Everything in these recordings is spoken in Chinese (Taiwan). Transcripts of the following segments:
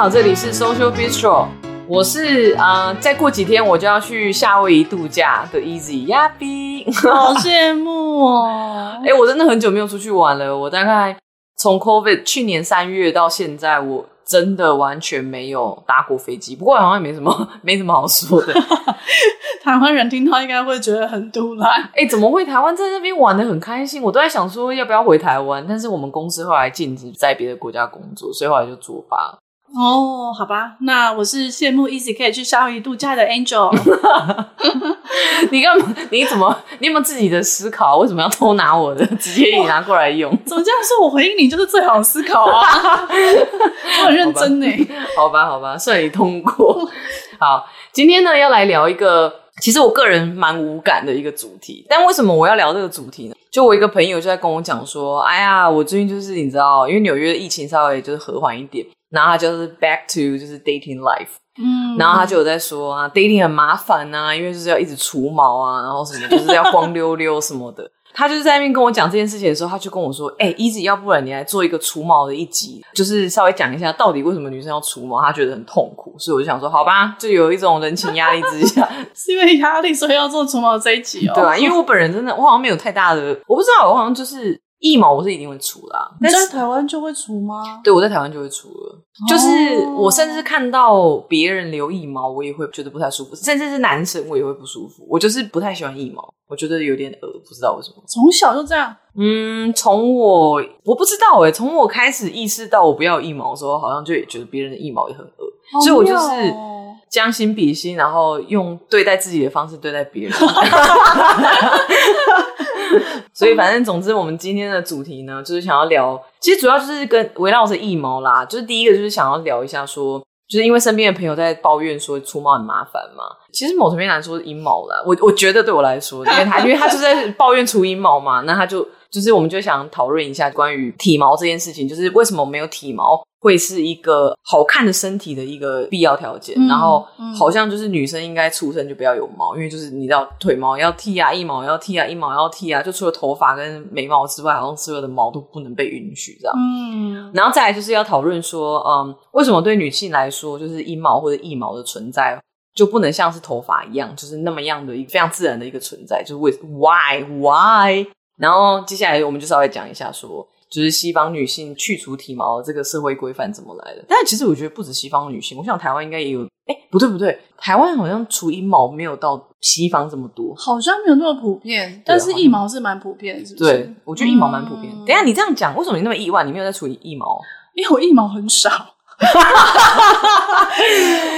好，這裡是 Social Bistro。我是啊、呃，再過幾天我就要去夏威夷度假的 Easy Yabi。好羨慕哦！哎、欸，我真的很久沒有出去玩了。我大概從 COVID 去年三月到現在，我真的完全沒有搭過飛機。不過好像也沒什麼，沒什麼好說的。 台灣人聽到應該會覺得很賭爛。哎、欸，怎麼會？台灣在那邊玩得很開心，我都在想說要不要回台灣。但是我們公司後來禁止在別的國家工作，所以後來就做罷。哦，好吧，那我是羨慕 Easy 可以去夏威夷度假的 Angel。 你幹嘛？你怎麼？你有沒有自己的思考？為什麼要偷拿我的？直接你拿過來用？怎麼這樣說？我回應你就是最好思考啊！ 我很認真呢、欸。好吧，好吧，順利通過。好，今天呢要來聊一個，其實我個人蠻無感的一個主題。但為什麼我要聊這個主題呢？就我一個朋友就在跟我講說，哎呀，我最近就是你知道，因為紐約疫情稍微就是和緩一點，然後他就是 back to 就是 dating life，嗯，然後他就有在說啊，dating 很麻煩啊，因為就是要一直除毛啊，然後什麼就是要光溜溜什麼的。 他就是在那邊跟我講這件事情的時候，他就跟我說：“欸，伊子，要不然你來做一個除毛的一集，就是稍微講一下到底為什麼女生要除毛，她覺得很痛苦。”所以我就想說：“好吧。”就有一種人情壓力之下， 是因為壓力所以要做除毛這一集哦，對啊？因為我本人真的，我好像沒有太大的，我不知道，我好像就是。腋毛我是一定會除啦、啊，你在台灣就會除嗎？對我在台灣就會除了，oh. 就是我甚至看到別人留腋毛，我也會覺得不太舒服，甚至是男生我也會不舒服。我就是不太喜歡腋毛，我覺得有點惡，不知道為什麼，從小就這樣。嗯，從我我不知道哎、欸，從我開始意識到我不要有腋毛的時候，好像就也覺得別人的腋毛也很惡，oh, 所以我就是將心比心，然後用對待自己的方式對待別人。 所以，反正總之，我們今天的主題呢，就是想要聊，其實主要就是跟圍繞着腋毛啦。就是第一個，就是想要聊一下說，說就是因為身邊的朋友在抱怨說除毛很麻煩嘛。其實某層面來說，是陰毛啦，我我覺得對我來說，因為他因為他就在抱怨除陰毛嘛，那他就就是我們就想討論一下關於體毛這件事情，就是為什麼沒有體毛會是一個好看的身體的一個必要條件，嗯、然後好像就是女生應該出生就不要有毛，嗯，因為就是你知道腿毛要剃啊，腋毛要剃啊，陰毛要剃啊，就除了頭髮跟眉毛之外，好像所有的毛都不能被允許這樣。嗯，然後再來就是要討論說，嗯，為什麼對女性來說，就是陰毛或者腋毛的存在就不能像是頭髮一樣，就是那麼樣的一個非常自然的一個存在？就是為 why why？然後接下來我們就稍微講一下說。就是西方女性去除體毛這個社會規範怎麼來的？但其實我覺得不止西方女性，我想台灣應該也有。哎，不對不對，台灣好像除陰毛，沒有到西方這麼多，好像沒有那麼普遍。但是腋毛是蠻普遍，是不是？對，對，我覺得腋毛蠻普遍。嗯、等一下，你這樣講，為什麼你那麼意外？你沒有在除腋腋毛？因為我腋毛很少，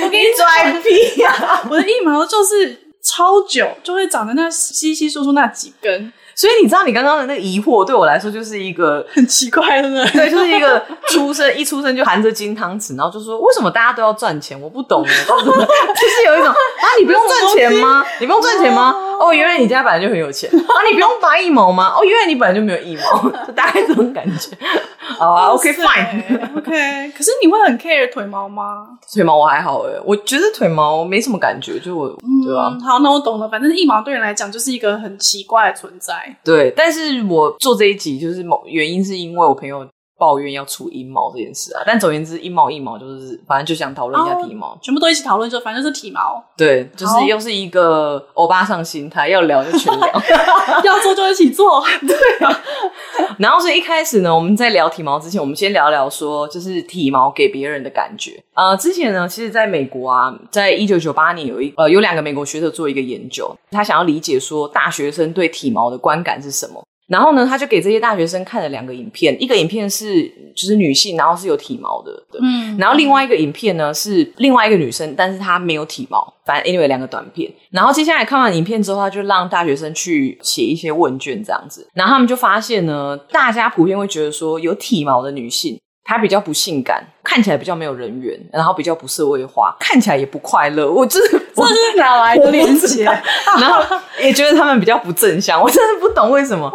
我給你拽屁呀！啊！我的腋毛就是超久，就會長在那稀稀疏疏那幾根。所以你知道你剛剛的那個疑惑對我來說就是一個很奇怪的，對，就是一個出生 一出生就含着金湯匙，然後就說，為什麼大家都要賺錢？我不懂。不懂 其實有一種啊，你不用賺錢嗎？你，你不用賺錢嗎？ 哦，原來你家本來就很有錢 啊，你不用拔腋毛嗎？哦，原來你本來就沒有腋毛就大概這種感覺啊。 uh, OK，fine，OK、okay,。Okay, 可是你會很 care 腿毛嗎？腿毛我還好誒、欸、我覺得腿毛沒什麼感覺，就我，嗯、對吧、啊？好，那我懂了。反正腋毛對你來講就是一個很奇怪的存在。對，但是我做這一集就是某原因，是因為我朋友，抱怨要出陰毛這件事啊，但總言之，陰毛一毛就是，反正就想討論一下體毛，oh, 全部都一起討論，就反正就是體毛。對，oh. 就是又是一個歐巴桑心態，要聊就全聊， 要做就一起做。對啊，然後是一開始呢，我們在聊體毛之前，我們先聊一聊說，就是體毛給別人的感覺。呃，之前呢，其實在美國啊，在一九九八年有一呃有兩個美國學者做一個研究，他想要理解說大學生對體毛的觀感是什麼。然後呢，他就給這些大學生看了兩個影片，一個影片是就是女性，然後是有體毛的，對。嗯，然後另外一個影片呢是另外一個女生，但是她沒有體毛，反正因為 anyway 兩個短片。然後接下來看完影片之後，他就讓大學生去寫一些問卷這樣子，然後他們就發現呢，大家普遍會覺得說有體毛的女性。他比較不性感，看起來比較沒有人緣，然後比較不社會化，看起來也不快樂。我這、就是，這是哪來的連結？然後也覺得他們比較不正向， 我真的不懂為什麼。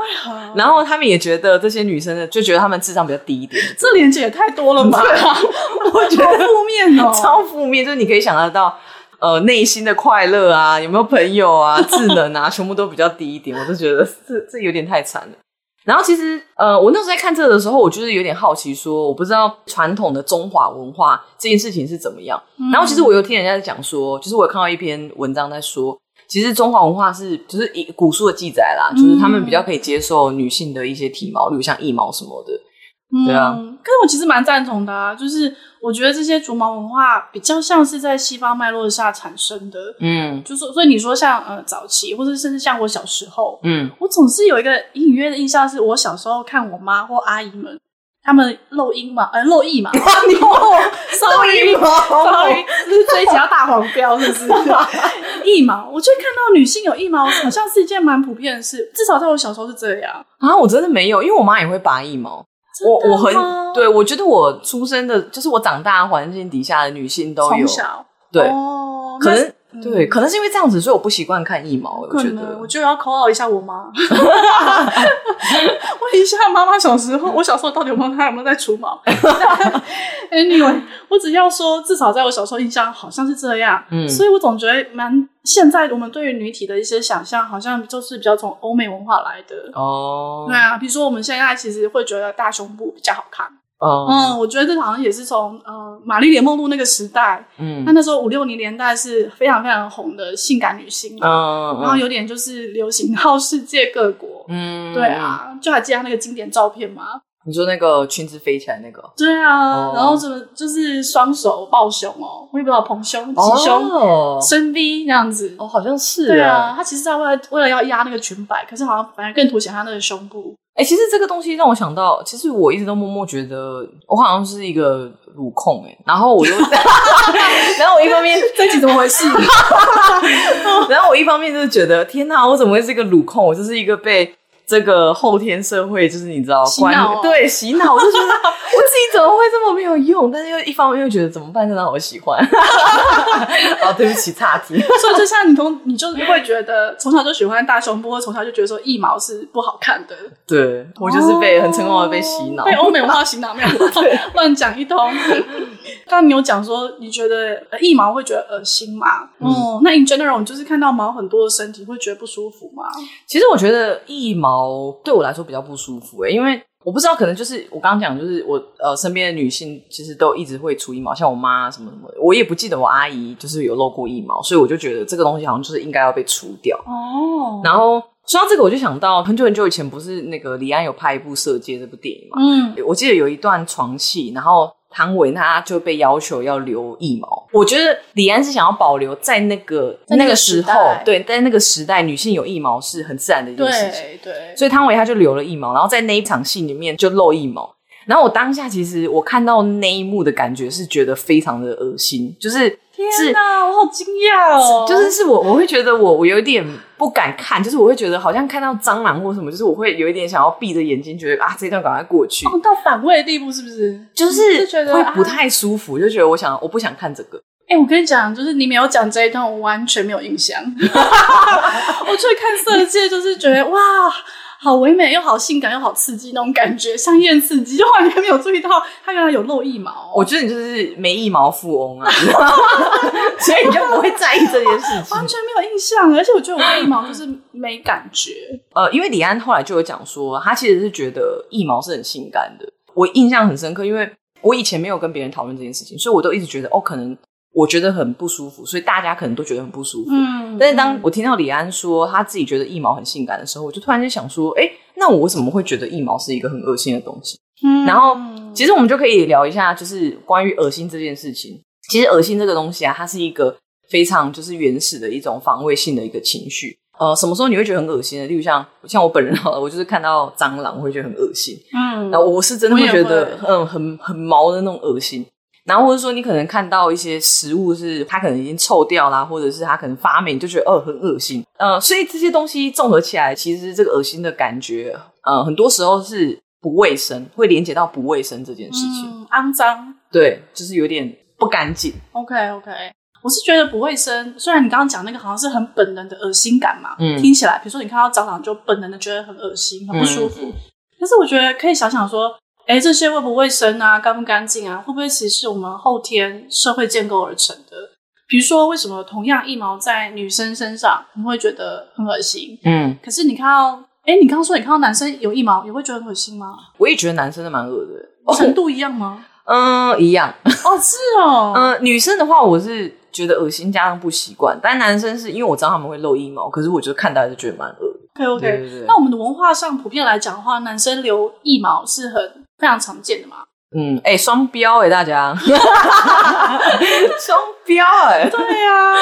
然後他們也覺得這些女生的就覺得他們智商比較低一點。對對這連結也太多了吧？ 我覺得負面超負面， 面哦、就是你可以想得到，呃，內心的快樂啊，有沒有朋友啊，智能啊， 全部都比較低一點。我就覺得這這有點太慘了。然後其實，呃，我那時候在看這個的時候，我就是有點好奇，說，說我不知道傳統的中華文化這件事情是怎麼樣。嗯、然後其實我有聽人家在講說，就是我有看到一篇文章在說，其實中華文化是，就是以古書的記載啦，就是他們比較可以接受女性的一些體毛，例如像腋毛什麼的。對啊、嗯，可是我其實蠻贊同的，啊，就是。我覺得這些除毛文化比較像是在西方脈絡下產生的，嗯，就是所以你說像呃早期或者甚至像我小時候，嗯，我總是有一個隱約的印象，是我小時候看我媽或阿姨們他們露陰嘛，呃，露腋嘛， 你哦、 Sorry, 露藝毛， 露陰嘛，露陰，所以只要大黃標是不是？腋 毛？我覺得看到女性有腋毛，好像是一件蠻普遍的事，至少在我小時候是這樣啊。我真的沒有，因為我媽也會拔腋毛。我我很，對，我覺得我出生的，就是我長大環境底下的女性都有。對，哦，可能。對，可能是因為這樣子，所以我不習慣看腋毛。我覺得，我就要 call 一下我媽， 問一下媽媽小時候， 我小時候到底有沒有她有沒有在除毛 ？Anyway，我只要說，至少在我小時候印象，好像是這樣。嗯，所以我總覺得蠻，蠻現在我們對於女體的一些想象，好像就是比較從歐美文化來的。哦，對啊，比如說我們現在其實會覺得大胸部比較好看。Oh. 嗯，我覺得這好像也是從呃，瑪麗蓮夢露那個時代，嗯，她那時候五六零年代是非常非常紅的性感女星啊，oh. 然後有點就是流行到世界各國，嗯，oh.，對啊，就還記得她那個經典照片嗎？你說那個裙子飛起來那個？對啊，oh. 然後什麼就是雙手抱胸哦，我也不知道捧胸、擠胸、深 V 那樣子，哦、oh,，好像是，啊，對啊，她其實在為了為了要壓那個裙擺，可是好像反而更凸顯她那個胸部。哎、欸，其實這個東西讓我想到，其實我一直都默默覺得我好像是一個乳控。哎、欸，然後我又在， 然後我一方面自己 怎麼回事， 然後我一方面就是覺得天哪，我怎麼會是一個乳控？我就是一個被。這個後天社會就是你知道關，洗腦、哦、對洗腦，我就覺得我自己怎麼會這麼沒有用？ 但是又一方面又覺得怎麼辦？真的好喜歡哦、 啊、對不起，岔題。 所以就像你從你就會覺得從小就喜歡大胸部，不會從小就覺得說腋毛是不好看的。對，我就是被很成功的被洗腦，被、哦、 歐美文化洗腦，沒有 亂講一通。剛 剛你有講說你覺得腋毛會覺得惡心嘛？哦、嗯嗯，那 in general，你就是看到毛很多的身體會覺得不舒服嗎？其實我覺得腋毛。哦，對我來說比較不舒服、欸、因為我不知道，可能就是我剛剛講，就是我呃身邊的女性其實都一直會除腋毛，像我媽什麼什麼，我也不記得我阿姨就是有露過腋毛，所以我就覺得這個東西好像就是應該要被除掉哦。然後說到這個，我就想到很久很久以前，不是那個李安有拍一部《色戒》這部電影嘛？嗯，我記得有一段床戲，然後。湯唯她就被要求要留腋毛，我覺得李安是想要保留在那個，在那，個那個時候，對，在那個時代，女性有腋毛是很自然的一件事情，對，對所以湯唯她就留了腋毛，然後在那一場戲裡面就露腋毛。然後我當下其實我看到那一幕的感覺是覺得非常的噁心，就是，是天哪是，我好驚訝哦！是就是是我我會覺得我我有點不敢看，就是我會覺得好像看到蟑螂或什麼，就是我會有一點想要閉着眼睛，覺得啊，這段趕快過去，到反胃的地步是不是？就是覺得會不太舒服就，啊，就覺得我想我不想看這個。哎、欸，我跟你講，就是你沒有講這一段，我完全沒有印象。 我去看色戒，就是覺得哇。好唯美又好性感又好刺激那種感覺，香艷刺激，完全沒有注意到他原來有露腋毛。我覺得你就是沒腋毛富翁啊， 道 所以你就不會在意這件事情。 完全沒有印象，而且我覺得我腋毛就是沒感覺。呃，因為李安後來就有講說，他其實是覺得腋毛是很性感的。我印象很深刻，因為我以前沒有跟別人討論這件事情，所以我都一直覺得哦，可能。我覺得很不舒服，所以大家可能都覺得很不舒服。嗯。但是當我聽到李安說他自己覺得腋毛很性感的時候，我就突然就想說，哎、欸，那我怎麼會覺得腋毛是一個很惡心的東西？嗯。然後，其實我們就可以聊一下，就是關於惡心這件事情。其實，惡心這個東西啊，它是一個非常就是原始的一種防衛性的一個情緒。呃，什麼時候你會覺得很惡心的？例如像像我本人，我就是看到蟑螂我會覺得很惡心。嗯。那我是真的會覺得會，嗯，很很毛的那種惡心。然後或者說你可能看到一些食物是它可能已經臭掉啦，或者是它可能發霉，你就覺得哦，很噁心，呃，所以這些東西綜合起來，其實這個噁心的感覺，呃，很多時候是不衛生，會連接到不衛生這件事情，嗯、骯髒，對，就是有點不乾淨。OK OK，我是覺得不衛生。雖然你剛剛講那個好像是很本能的噁心感嘛，嗯，聽起來比如說你看到蟑螂就本能的覺得很噁心、很不舒服，嗯、但是我覺得可以想想說。哎、欸，這些衛不衛生啊，乾不乾淨啊？會不會其實是我們後天社會建構而成的？比如說，為什麼同樣腋毛在女生身上，你會覺得很噁心？嗯。可是你看到，哎、欸，你剛剛說你看到男生有腋毛，你會覺得很噁心嗎？我也覺得男生是蠻噁的。程度一樣嗎？嗯、oh, 呃，一樣。 哦，是哦。嗯、呃，女生的話，我是覺得噁心，加上不習慣。但男生是因為我知道他們會露腋毛，可是我就是看到家就覺得蠻噁的。OK OK 對對對對。那我們的文化上普遍來講的話，男生留腋毛是很。非常常見的嘛，嗯，哎、欸，雙標哎、欸，大家，雙 標哎、欸，對呀、啊、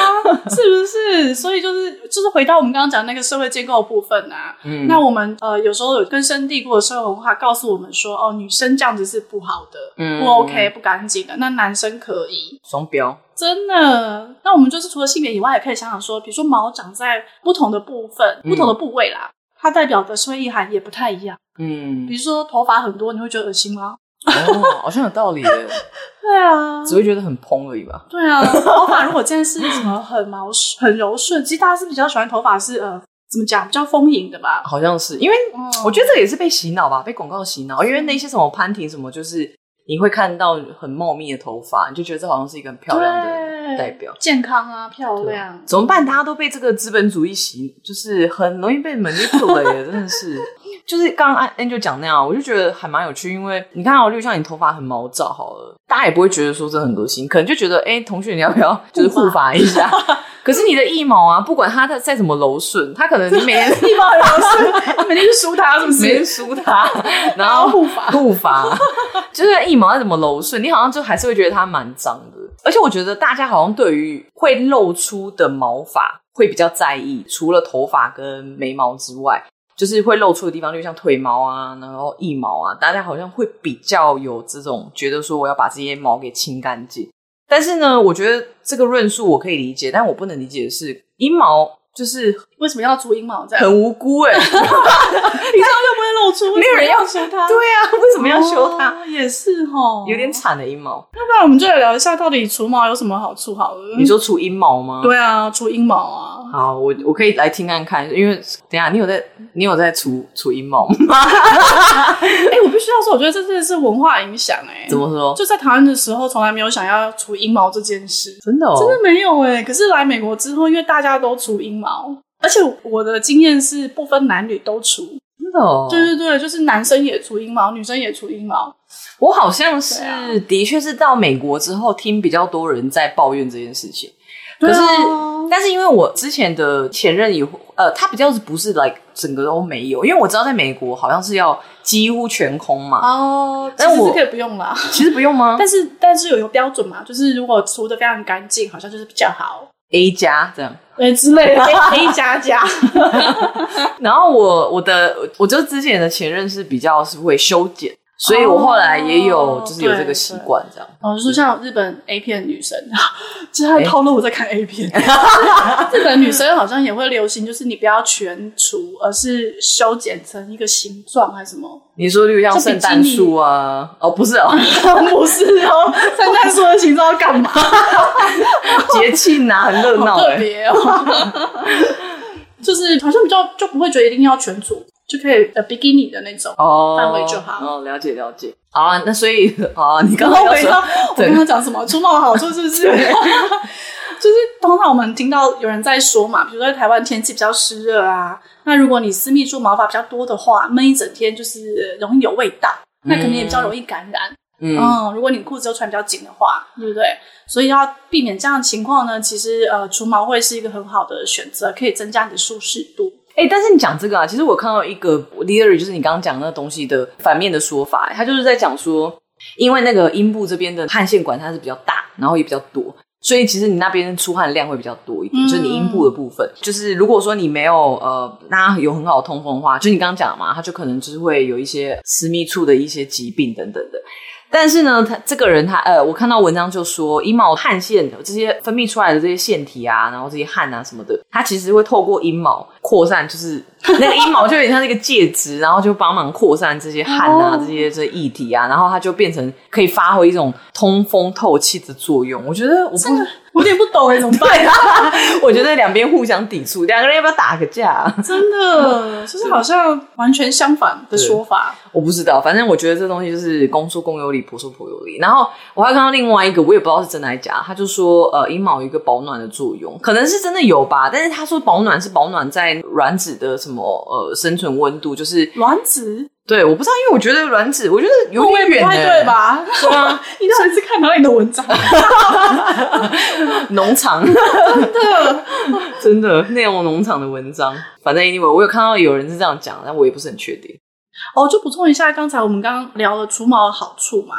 是不是？所以就是就是回到我們剛剛講那個社會建構的部分吶、啊，嗯，那我們呃有時候有根深蒂固的社會文化告訴我們說，哦，女生這樣子是不好的，嗯，不 OK，不乾淨的，那男生可以。雙標，真的。那我們就是除了性別以外，也可以想想說，比如說毛長在不同的部分、嗯、不同的部位啦。它代表的社會意涵也不太一樣，嗯，比如說頭髮很多，你會覺得噁心嗎？哦， 好像有道理欸， 對啊，只會覺得很蓬而已吧？對啊，頭髮如果真的是什麼很毛很柔順，其實大家是比較喜歡頭髮是呃怎麼講比較豐盈的吧？好像是，因為我覺得這也是被洗腦吧，嗯、被廣告洗腦，因為那些什麼潘婷什麼，就是你會看到很茂密的頭髮，你就覺得這好像是一個很漂亮的。代表健康啊，漂亮怎麼辦？大家都被這個資本主義洗，就是很容易被門就不真的是。 就是剛安哎就講那樣，我就覺得還蠻有趣，因為你看、哦，就像你頭髮很毛躁好了，大家也不會覺得說這很噁心，可能就覺得哎、欸，同學你要不要就是護髮一下？ 可是你的腋毛啊，不管它再再怎麼柔順，它可能你每天腋毛很柔順，他 每天就梳它，是不是？每天梳它，然後護髮護髮， 就是腋毛再怎麼柔順，你好像就還是會覺得它蠻髒的。而且我覺得大家好像對於會露出的毛髮會比較在意，除了頭髮跟眉毛之外，就是會露出的地方，就像腿毛啊，然後腋毛啊，大家好像會比較有這種覺得說我要把這些毛給清乾淨。但是呢，我覺得這個論述我可以理解，但我不能理解的是，陰毛就是。為什麼要除陰毛在？這樣很無辜哎，你知道又不會露出。 沒有人要修它。對啊，為什麼要修它？也是哈，有點慘的陰毛。要不然我們就來聊一下，到底除毛有什麼好處好了。你說除陰毛嗎？對啊，除陰毛啊。好，我我可以來聽看看。因為等一下你有在，你有在除除陰毛嗎？哎、 欸，我必須要說，我覺得這真的是文化影響哎、欸。怎麼說？就在台灣的時候，從來沒有想要除陰毛這件事，真的、哦、真的沒有哎、欸。可是來美國之後，因為大家都除陰毛。而且我的經驗是不分男女都除，真的、哦，對、就、對、是、對，就是男生也除陰毛，女生也除陰毛。我好像是的確是到美國之後聽比較多人在抱怨這件事情，對啊、可是、哦、但是因為我之前的前任也呃，他比較不是 like 整個都沒有，因為我知道在美國好像是要幾乎全空嘛哦，但我是可以不用啦。其實不用嗎？但是但是有一個標準嘛，就是如果除得非常乾淨，好像就是比較好 A 加這樣。對對之類的，以加加。然後我我的，我覺得之前的前任是比較是會修剪。所以我後來也有，哦、就是有這個習慣這樣。哦，就是像日本 A 片女生，其實她透露我在看 A 片、欸。日本女生好像也會流行，就是你不要全除，而是修剪成一個形狀還是什麼？你說像聖誕樹、啊、就像聖誕樹啊？哦，不是哦， 不是哦，聖誕樹的形狀要幹嘛？節慶啊很熱鬧、欸、特別哦。 就是好像比較就不會覺得一定要全除。就可以呃，比基尼的那種範圍就好。哦，哦、了解了解。好、啊，那所以，好、啊，你剛剛說回我剛剛講什麼除毛的好處是不是？ 就是通常我們聽到有人在說嘛，比如說台灣天氣比較濕熱啊，那如果你私密處毛髮比較多的話，悶一整天就是容易有味道，那可能也比較容易感染嗯嗯。嗯，如果你褲子又穿比較緊的話，對不對？所以要避免這樣的情況呢，其實呃，除毛會是一個很好的選擇，可以增加你的舒適度。欸、欸，但是你講這個啊，其實我看到一個 theory 就是你剛剛講那東西的反面的說法，他就是在講說，因為那個陰部這邊的汗腺管它是比較大，然後也比較多，所以其實你那邊出汗量會比較多一點，嗯、就是你陰部的部分，就是如果說你沒有呃，那有很好的通風的話，就你剛剛講的嘛，他就可能就是會有一些私密處的一些疾病等等的。但是呢，他這個人他呃，我看到文章就說，陰毛汗腺這些分泌出來的這些腺體啊，然後這些汗啊什麼的，它其實會透過陰毛。擴散就是那個陰毛，就有點像那個介質，然後就幫忙擴散這些汗啊、哦、這些這液體啊，然後它就變成可以發揮一種通風透氣的作用。我覺得我不真的 我有點不懂哎，怎麼辦呀？我覺得兩邊互相抵觸，兩個人要不要打個架？真的就、嗯、是，是好像完全相反的說法。我不知道，反正我覺得這東西就是公說公有理，婆說婆有理。然後我還有看到另外一個，我也不知道是真的還是假，他就說呃，陰毛一個保暖的作用，可能是真的有吧。但是他說保暖是保暖在。卵子的什麼呃生存溫度，就是卵子？對，我不知道，因為我覺得卵子，我覺得有點遠太對吧？你到底是 看哪裡的文章？啊，農 農場， 真的， 真的那種農場的文章，反正因、anyway, 為我有看到有人是這樣講，但我也不是很確定。哦，就補充一下，剛才我們剛剛聊了除毛的好處嘛。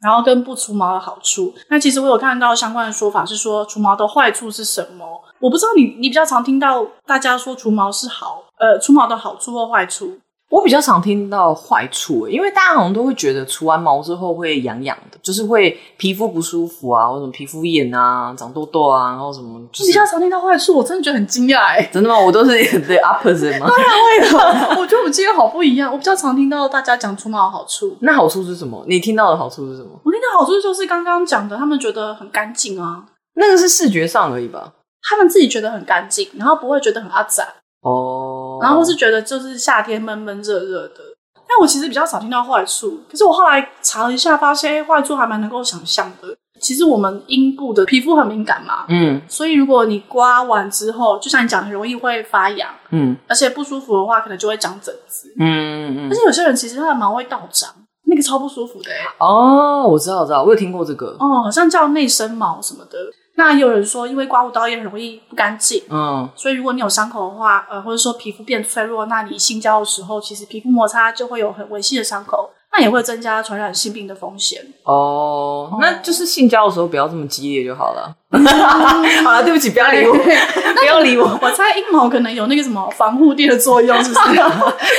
然後跟不除毛的好處，那其實我有看到相關的說法是說除毛的壞處是什麼？我不知道你，你比較常聽到大家說除毛是好，呃，除毛的好處或壞處。我比較常聽到壞處，欸，因為大家好像都會覺得除完毛之後會癢癢的，就是會皮膚不舒服啊，或者什麼皮膚炎啊、長痘痘啊，然後什麼，就是。你比較常聽到壞處，我真的覺得很驚訝哎！真的嗎？我都是 the opposite 嗎？當然為什麼？ 我覺得我們今天好不一樣。我比較常聽到大家講除毛的好處，那好處是什麼？你聽到的好處是什麼？我聽到好處就是剛剛講的，他們覺得很乾淨啊，那個是視覺上而已吧？他們自己覺得很乾淨，然後不會覺得很阿雜哦。Oh. 然後或是覺得就是夏天悶悶熱熱的，但我其實比較少聽到壞處。可是我後來查了一下，發現哎，壞處還蠻能夠想象的。其實我們陰部的皮膚很敏感嘛，嗯，所以如果你刮完之後，就像你講的，很容易會發癢，嗯，而且不舒服的話，可能就會長疹子，嗯嗯，而且有些人其實他的毛會倒長，那個超不舒服的欸。哦，我知道，我知道，我有聽過這個，哦，好像叫內生毛什麼的。那也有人說，因為刮鬍刀也很容易不乾淨，嗯，所以如果你有傷口的話，呃，或者說皮膚變脆弱，那你性交的時候，其實皮膚摩擦就會有很微細的傷口，那也會增加傳染性病的風險，哦。哦，那就是性交的時候不要這麼激烈就好了。嗯、 好了，對不起，不要理我，不要理我。 我猜陰毛可能有那個什麼防護墊的作用， 就是不是？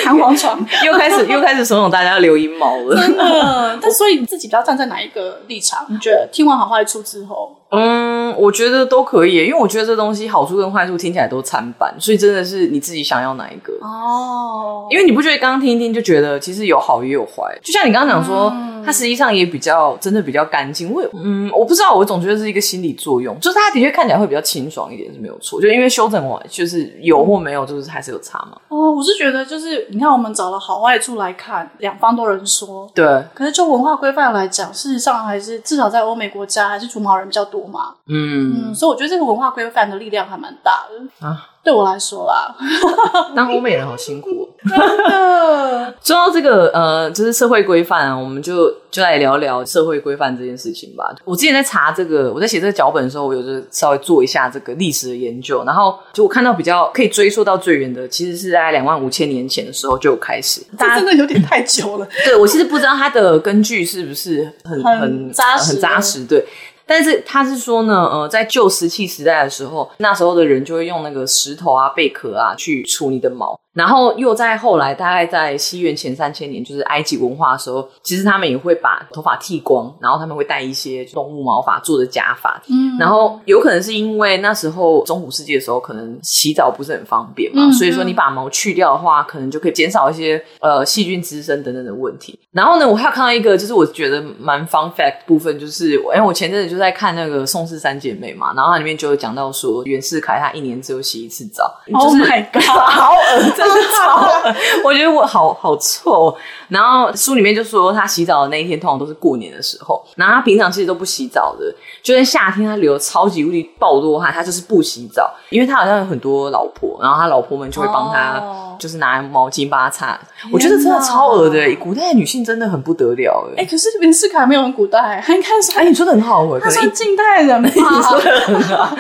彈簧床又開始又開始慫恿大家要留陰毛了。真的， 但所以你自己不要站在哪一個立場？你覺得聽完好壞處之後？嗯，我覺得都可以，因為我覺得這東西好處跟壞處聽起來都參半，所以真的是你自己想要哪一個哦。因為你不覺得剛剛聽一聽就覺得其實有好也有壞，就像你剛剛講說，嗯、它實際上也比較真的比較乾淨。我也嗯，我不知道，我總覺得是一個心理作用，就是它的確看起來會比較清爽一點是沒有錯，就因為修整完就是有或沒有就是還是有差嘛。哦，我是覺得就是你看我們找了好壞處來看，兩方都有人說對，可是就文化規範來講，事實上還是至少在歐美國家還是除毛人比較多。嗯，嗯，所以我覺得這個文化規範的力量還蠻大的啊。對我來說啦， 當歐美人好辛苦，真的。 說到這個呃，就是社會規範啊，我們就就來聊聊社會規範這件事情吧。我之前在查這個，我在寫這個腳本的時候，我有就稍微做一下這個歷史的研究，然後就我看到比較可以追溯到最遠的，其實是在兩萬五千年前的時候就開始。大家這真的有點太久了。 對，我其實不知道它的根據是不是很很，很紮實，呃，很紮實。對。但是他是說呢，呃，在舊石器時代的時候，那時候的人就會用那個石頭啊、貝殼啊去除你的毛。然後又在後來，大概在西元前三千年，就是埃及文化的時候，其實他們也會把頭髮剃光，然後他們會戴一些動物毛髮做的假髮。嗯，然後有可能是因為那時候中古世紀的時候，可能洗澡不是很方便嘛，嗯，所以說你把毛去掉的話，可能就可以減少一些呃細菌滋生等等的問題。然後呢，我還有看到一個就是我覺得蠻 fun fact 部分，就是哎，因為我前陣子就在看那個宋氏三姐妹嘛，然後它裡面就有講到說袁世凱他一年只有洗一次澡。Oh my god，好惡心 好， 我覺得我好好臭。然後書裡面就說他洗澡的那一天通常都是過年的時候，然後他平常其實都不洗澡的。就在夏天他流超級無敵暴多汗，他就是不洗澡，因為他好像有很多老婆，然後他老婆們就會幫他，就是拿毛巾幫他擦。Oh. 我覺得真的超噁的，oh. 古代的女性真的很不得了。哎、欸，可是袁世凱沒有很古代，很看什哎、欸，你說的很好，他可是近代、欸、你說的很好，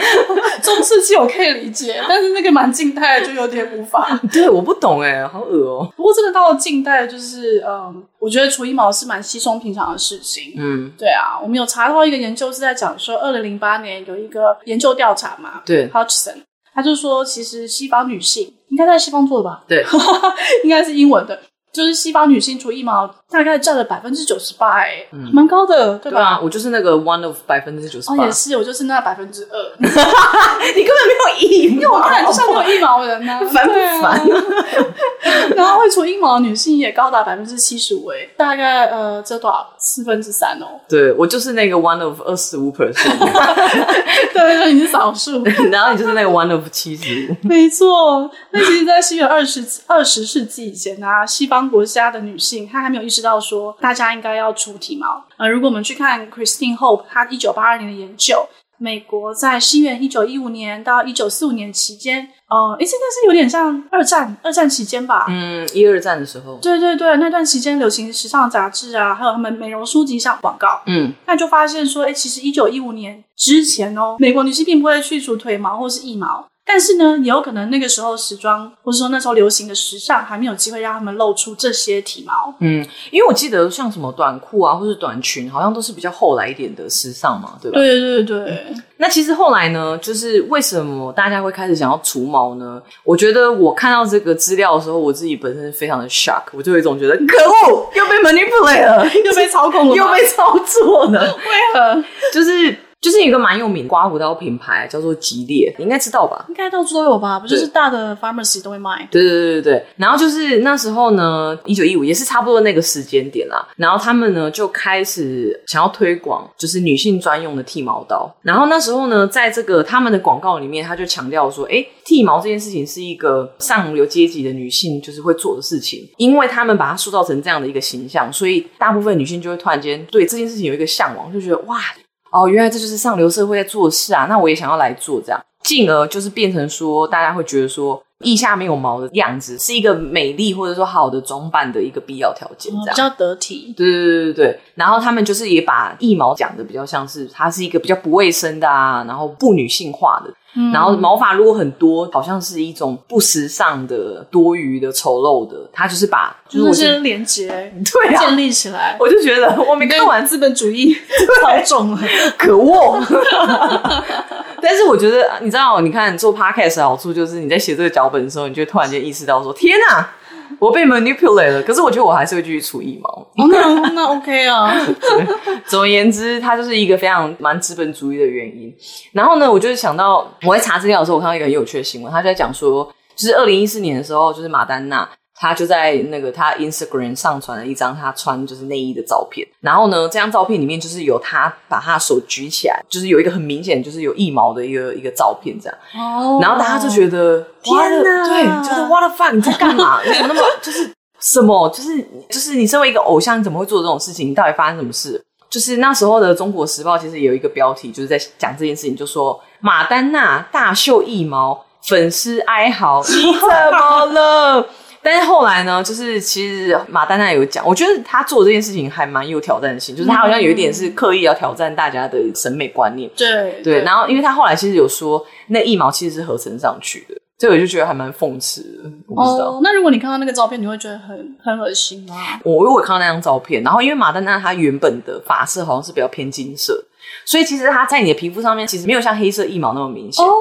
中 世紀我可以理解，但是那個蠻近代的，就有點無法 對。我不懂哎、欸，好噁哦、喔。不過這個到了近代，就是嗯，我覺得除腋毛是蠻稀鬆平常的事情。嗯，對啊，我們有查到一個研究是在講說，二零零八年有一個研究調查嘛，對，Hutchison，他就說其實西方女性，應該在西方做的吧？對，哈哈哈，應該是英文的，就是西方女性除腋毛。大概占了百分之九十八，哎、欸，蠻、嗯、高的，對吧？對啊，我就是那個 one of 百分之九十八，也是我就是那百分之二， 你根本沒有一毛， 因為我看你就像一毛人吶、啊，煩 對、啊、 不煩煩？ 然後會除陰毛的女性也高達百分之七十五，哎、欸，大概呃，這多少四分之三哦？對，我就是那個 one of 二十五 percent，對對對，你是少數， 然後你就是那個 one of 七十五， 沒錯。那其實在西元二十二十世紀以前啊， 西方國家的女性她還沒有意識，知道說大家應該要除體毛，呃，如果我們去看 Christine Hope 她一九八二年的研究，美國在西元一九一五年到一九四五年期間，呃，哎，這個是有點像二戰，二戰期間吧？嗯，一二戰的時候。對對對，那段期間流行時尚雜誌啊，還有他們美容書籍上廣告，嗯，那就發現說，哎，其實一九一五年之前哦，美國女性並不會去除腿毛或是腋毛。但是呢，也有可能那個時候時裝，或者說那時候流行的時尚，還沒有機會讓他們露出這些體毛。嗯，因為我記得像什麼短褲啊，或者是短裙，好像都是比較後來一點的時尚嘛，對吧？對對對、嗯。那其實後來呢，就是為什麼大家會開始想要除毛呢？我覺得我看到這個資料的時候，我自己本身是非常的 shock，我就有一種覺得，可惡， 又被 manipulate 了，又被操控了，又被操作了， 為何？就是。就是一個蠻有名的刮鬍刀品牌，叫做吉列，你應該知道吧？應該到處都有吧？不就是大的 pharmacy 都會賣。對對對對對。然後就是那時候呢，一九一五也是差不多那個時間點啦。然後他們呢，就開始想要推廣，就是女性專用的剃毛刀。然後那時候呢，在這個他們的廣告裡面，他就強調說：“哎，剃毛這件事情是一個上流階級的女性就是會做的事情，因為他們把它塑造成這樣的一個形象，所以大部分女性就會突然間對這件事情有一個嚮往，就覺得哇。”哦，原來這就是上流社會在做的事啊！那我也想要來做，這樣，進而就是變成說，大家會覺得說。腋下沒有毛的樣子，是一個美麗或者說好的裝扮的一個必要條件這樣、嗯，比較得體。對對對，對，然後他們就是也把腋毛講的比較像是它是一個比較不衛生的啊，然後不女性化的，嗯、然後毛髮如果很多，好像是一種不時尚的、多餘的、醜陋的。他就是把就是些連接對啊，建立起來。我就覺得我沒看完資本主義超重了可惡。 但是我覺得，你知道，你看做 podcast 的好處就是，你在寫這個腳本的時候，你就突然間意識到，說天啊，我被 manipulate 了。可是我覺得我還是會繼續除腋毛。那、oh, 那、no, no, OK 啊。 總而言之，它就是一個非常蠻資本主義的原因。然後呢，我就是想到我在查資料的時候，我看到一個很有趣的新聞，他就在講說，就是二零一四年的時候，就是馬丹娜。他就在那個他 Instagram 上傳了一張他穿就是內衣的照片，然後呢，這張照片裡面就是有他把他手舉起來，就是有一個很明顯就是有腋毛的一個一個照片這樣。哦、oh,，然後他就覺得天哪，對，就是 what the fuck 你在幹嘛？ 你怎麼那麼就是什麼？就是就是你身為一個偶像，你怎麼會做這種事情？你到底發生什麼事？就是那時候的《中國時報》其實有一個標題，就是在講這件事情，就是、說馬丹娜大秀腋毛，粉絲哀嚎，你怎麼了？ 但是後來呢，就是其實馬丹娜有講，我覺得他做這件事情還蠻有挑戰性，嗯、就是他好像有一點是刻意要挑戰大家的審美觀念。對對，然後因為他後來其實有說那腋毛其實是合成上去的，所以我就覺得還蠻諷刺的。我不知道、哦、那如果你看到那個照片，你會覺得很很噁心嗎？我我看到那張照片，然後因為馬丹娜她原本的髮色好像是比較偏金色。所以其實它在你的皮膚上面，其實沒有像黑色腋毛那麼明顯。哦。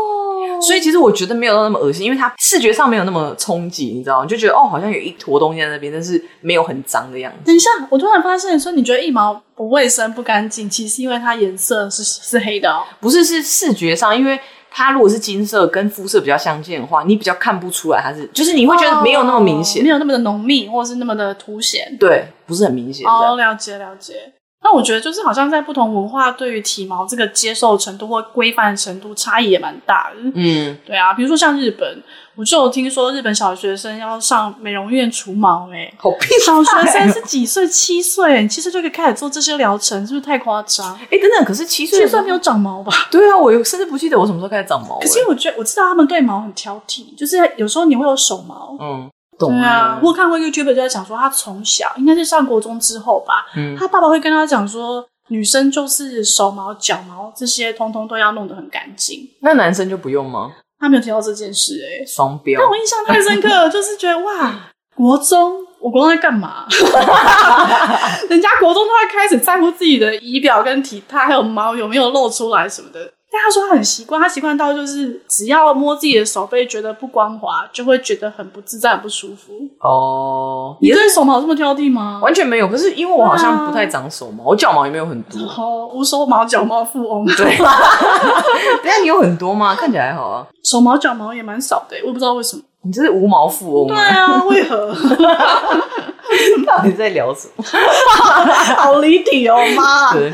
所以其實我覺得沒有那麼噁心，因為它視覺上沒有那麼衝擊，你知道嗎？你就覺得哦，好像有一坨東西在那邊，但是沒有很髒的樣子。等一下，我突然發現，說你覺得腋毛不衛生、不乾淨，其實因為它顏色是是黑的，哦，不是是視覺上，因為它如果是金色跟膚色比較相近的話，你比較看不出來它是，就是你會覺得沒有那麼明顯、哦，沒有那麼的濃密，或者是那麼的凸顯。對，不是很明顯。哦，了解，了解。那我覺得就是好像在不同文化對於體毛這個接受程度或規範程度差異也蠻大的。嗯，對啊，比如說像日本，我就有聽說日本小學生要上美容院除毛。欸，哎，好屁！小學生現在是幾歲？ 七歲，其實就可以開始做這些療程，是不是太誇張？哎，等等，可是七歲也算沒有長毛吧？對啊，我甚至不記得我什麼時候開始長毛。可是我覺得我知道他們對毛很挑剔，就是有時候你會有手毛，嗯。對啊，我看過一個 YouTuber，就在講說他從，他從小應該是上國中之後吧，嗯、他爸爸會跟他講說，女生就是手毛、腳毛這些，通通都要弄得很乾淨。那男生就不用嗎？他沒有提到這件事、欸，哎，雙標。但我印象太深刻，就是覺得 哇，國中，我國中在幹嘛？ 人家國中都在開始在乎自己的儀表跟體態，還有毛有沒有露出來什麼的。但他說他很習慣，他習慣到就是只要摸自己的手背覺得不光滑，就會覺得很不自在、不舒服。哦，你對手毛這麼挑剔嗎？完全沒有。可是因為我好像不太長手毛，啊、我腳毛也沒有很多。哦，無手毛、腳毛富翁。對， 等下你有很多嗎？看起來還好啊。手毛、腳毛也蠻少的、欸，我也不知道為什麼。你這是無毛富翁。對啊，為何？ 到底在聊什麼？ 好離題哦，媽。對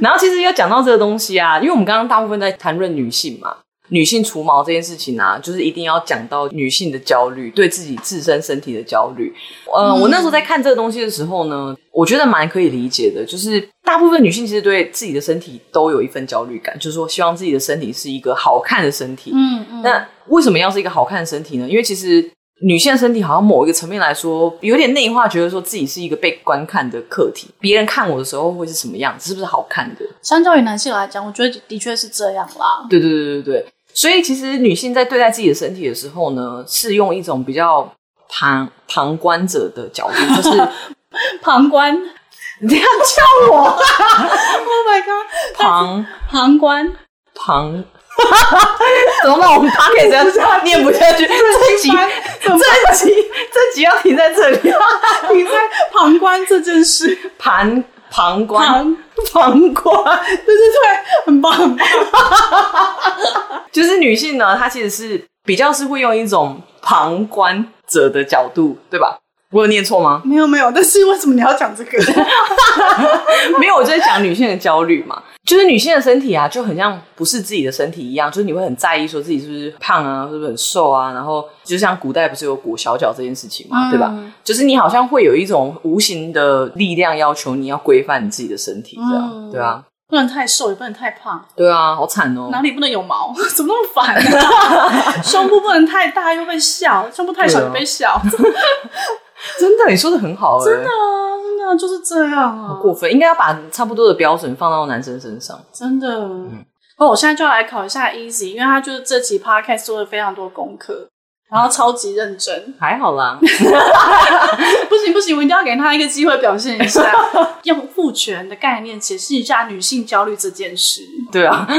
然後其實要講到這個東西啊，因為我們剛剛大部分在談論女性嘛，女性除毛這件事情啊，就是一定要講到女性的焦慮，對自己自身身體的焦慮。呃，嗯，我那時候在看這個東西的時候呢，我覺得蠻可以理解的，就是大部分女性其實對自己的身體都有一份焦慮感，就是說希望自己的身體是一個好看的身體。嗯嗯。那為什麼要是一個好看的身體呢？因為其實。女性的身體好像某一個層面來說，有點內化，覺得說自己是一個被觀看的客體，別人看我的時候會是什麼樣子，是不是好看的？相較於男性來講，我覺得的確是這樣啦。對，對對對對對，所以其實女性在對待自己的身體的時候呢，是用一種比較旁旁觀者的角度，就是 旁觀。 你這樣叫我 ？Oh my god！旁旁觀旁。哈哈，怎麼辦、啊？我們還可以這樣念不下去？這集，這集，這集，這集要停在這裡，停在旁觀這件事。旁旁觀，旁，旁觀，對對對，很棒。 就是女性呢，她其實是比較是會用一種旁觀者的角度，對吧？我有念錯嗎？沒有沒有，但是為什麼你要講這個？ 沒有，我在講女性的焦慮嘛。就是女性的身體啊，就很像不是自己的身體一樣，就是你會很在意說自己是不是胖啊，是不是很瘦啊，然後就像古代不是有裹小腳這件事情嘛、嗯，對吧？就是你好像會有一種無形的力量要求你要規範你自己的身體，這、嗯、樣對吧、啊？不能太瘦，也不能太胖，對啊，好慘哦！哪裡不能有毛？怎麼那麼煩呢、啊？ 胸部不能太大又被笑，胸部太小又被笑，啊、 真的，你說的很好、欸，真的。那就是這樣啊，過分，應該要把差不多的標準放到男生身上。真的，那、嗯 oh, 我現在就要來考一下 Easy，因為他就是這期 Podcast 做了非常多功課、嗯，然後超級認真。還好啦， 不行不行，我一定要給他一個機會表現一下。 用父權的概念解釋一下女性焦慮這件事。對啊，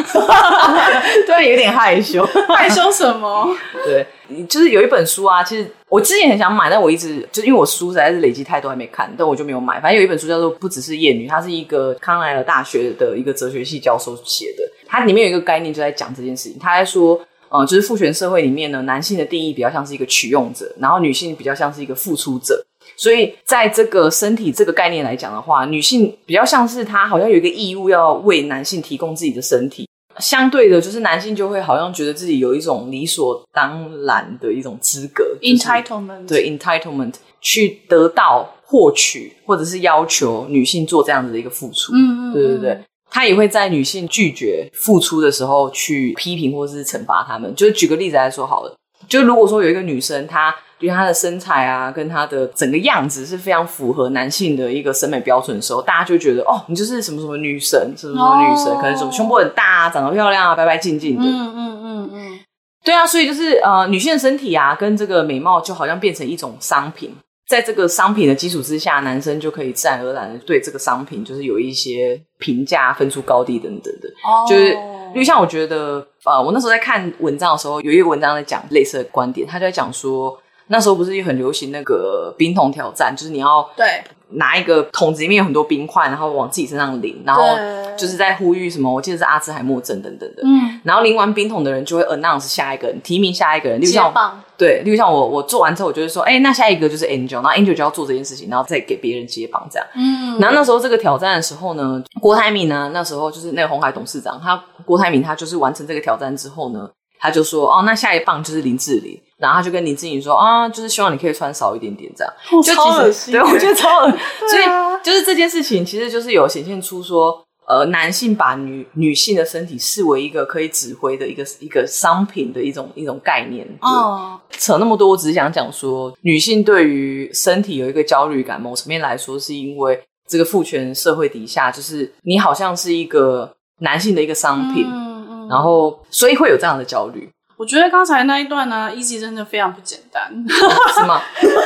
對，有點害羞。 害羞什麼？對。就是有一本書啊，其實我之前很想買，但我一直就是、因為我書實在是累積太多還沒看，但我就沒有買。反正有一本書叫做《不只是厭女》，它是一個康奈爾大學的一個哲學系教授寫的。它裡面有一個概念，就在講這件事情。他在說，嗯、呃，就是父權社會裡面呢，男性的定義比較像是一個取用者，然後女性比較像是一個付出者。所以在這個身體這個概念來講的話，女性比較像是她好像有一個義務要為男性提供自己的身體。相對的，就是男性就會好像覺得自己有一種理所當然的一種資格，entitlement，、就是、對 entitlement 去得到獲取或者是要求女性做這樣子的一個付出，嗯、mm-hmm.，對對對，他也會在女性拒絕付出的時候去批評或者是懲罰他們。就是舉個例子來說好了，就是如果說有一個女生她。因為她的身材啊，跟她的整個樣子是非常符合男性的一個審美標準的時候，大家就覺得哦，你就是什麼什麼女神，什麼什麼女神，oh. 可能什麼胸部很大啊，長得漂亮啊，白白淨淨的。嗯嗯嗯嗯，對啊，所以就是呃，女性的身體啊，跟這個美貌就好像變成一種商品，在這個商品的基礎之下，男生就可以自然而然的對這個商品就是有一些評價，分出高低等等的。哦，oh. 就是因為像我覺得，呃，我那時候在看文章的時候，有一個文章在講類似的觀點，他就在講說。那時候不是也很流行那個冰桶挑戰，就是你要拿一個桶子，裡面有很多冰塊，然後往自己身上淋，然後就是在呼籲什麼，我記得是阿茲海默症等等的。嗯，然後淋完冰桶的人就會 announce 下一個人，提名下一個人，就像接棒對，例如像我，我做完之後，我就會說，誒、欸、那下一個就是 Angel，然後 Angel 就要做這件事情，然後再給別人接棒這樣。嗯，然後那時候這個挑戰的時候呢，郭台銘呢，那時候就是那個鴻海董事長，他郭台銘他就是完成這個挑戰之後呢，他就說，哦，那下一棒就是林志玲。然後他就跟你自己說啊，就是希望你可以穿少一點點這樣，哦、就其實超惡心。對，我覺得超惡心、 啊。所以就是這件事情，其實就是有顯現出說，呃，男性把女女性的身體視為一個可以指揮的一個一個商品的一種一種概念。哦，扯那麼多，我只是想講說，女性對於身體有一個焦慮感，某層面來說，是因為這個父權社會底下，就是你好像是一個男性的一個商品。嗯嗯。然後，所以會有這樣的焦慮。我覺得剛才那一段呢，Easy 真的非常不簡單，哦、是嗎？ 真的，因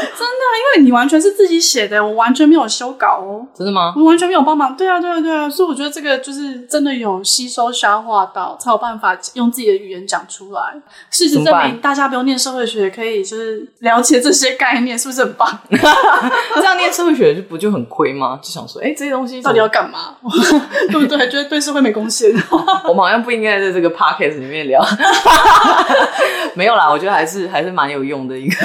為你完全是自己寫的，我完全沒有修稿哦，真的嗎？我完全沒有幫忙，對啊，對啊，對啊，所以我覺得這個就是真的有吸收消化到，才有辦法用自己的語言講出來。事實證明，大家不用念社會學，可以就是了解這些概念，是不是很棒？ 這樣念社會學就不就很虧嗎？就想說，哎、欸，這些東西到底要幹嘛？ 對不對？ 覺得對社會沒貢獻。 我們好像不應該在這個 Podcast 裡面聊。 沒有啦，我覺得還是還是蠻有用的。一個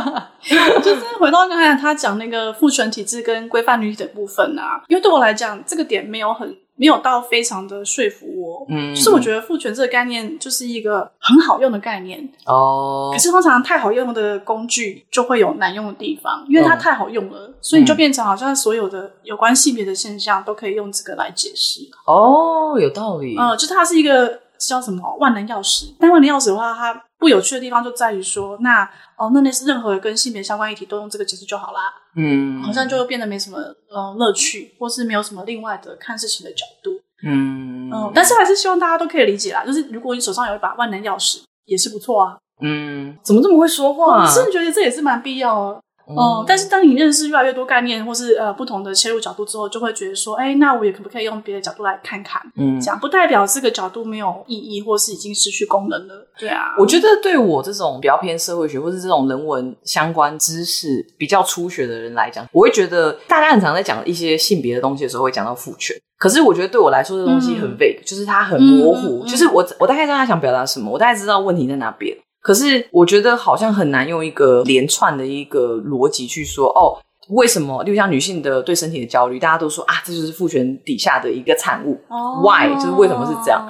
就是回到剛才他講那個父權體制跟規範女體的部分啊，因為對我來講，這個點沒有很沒有到非常的說服我。嗯，就是我覺得父權這個概念就是一個很好用的概念哦。可是通常太好用的工具就會有難用的地方，因為它太好用了，嗯、所以你就變成好像所有的有關性別的現象都可以用這個來解釋。哦，有道理。嗯，就它是一個。叫什麼萬能鑰匙？但萬能鑰匙的話，它不有趣的地方就在於說，那哦，那類似任何跟性別相關議題都用這個解釋就好啦。嗯，好像就變得沒什麼呃樂趣，或是沒有什麼另外的看事情的角度。嗯，嗯，但是還是希望大家都可以理解啦。就是如果你手上有一把萬能鑰匙，也是不錯啊。嗯，怎麼這麼會說話？甚至覺得這也是蠻必要的。嗯、哦，但是當你認識越來越多概念，或是呃不同的切入角度之後，就會覺得說，哎、欸，那我也可不可以用別的角度來看看？嗯，這樣不代表這個角度沒有意義，或是已經失去功能了。對啊，我覺得對我這種比較偏社會學，或是這種人文相關知識比較初學的人來講，我會覺得大家很常在講一些性別的東西的時候，會講到父權。可是我覺得對我來說，這東西很 vague，嗯、就是它很模糊。嗯嗯、就是我我大概知道他想表達什麼，我大概知道問題在哪邊。可是我覺得好像很難用一個連串的一個邏輯去說哦，為什麼？就像女性的對身體的焦慮，大家都說啊，這就是父權底下的一個產物。Oh. Why？就是為什麼是這樣？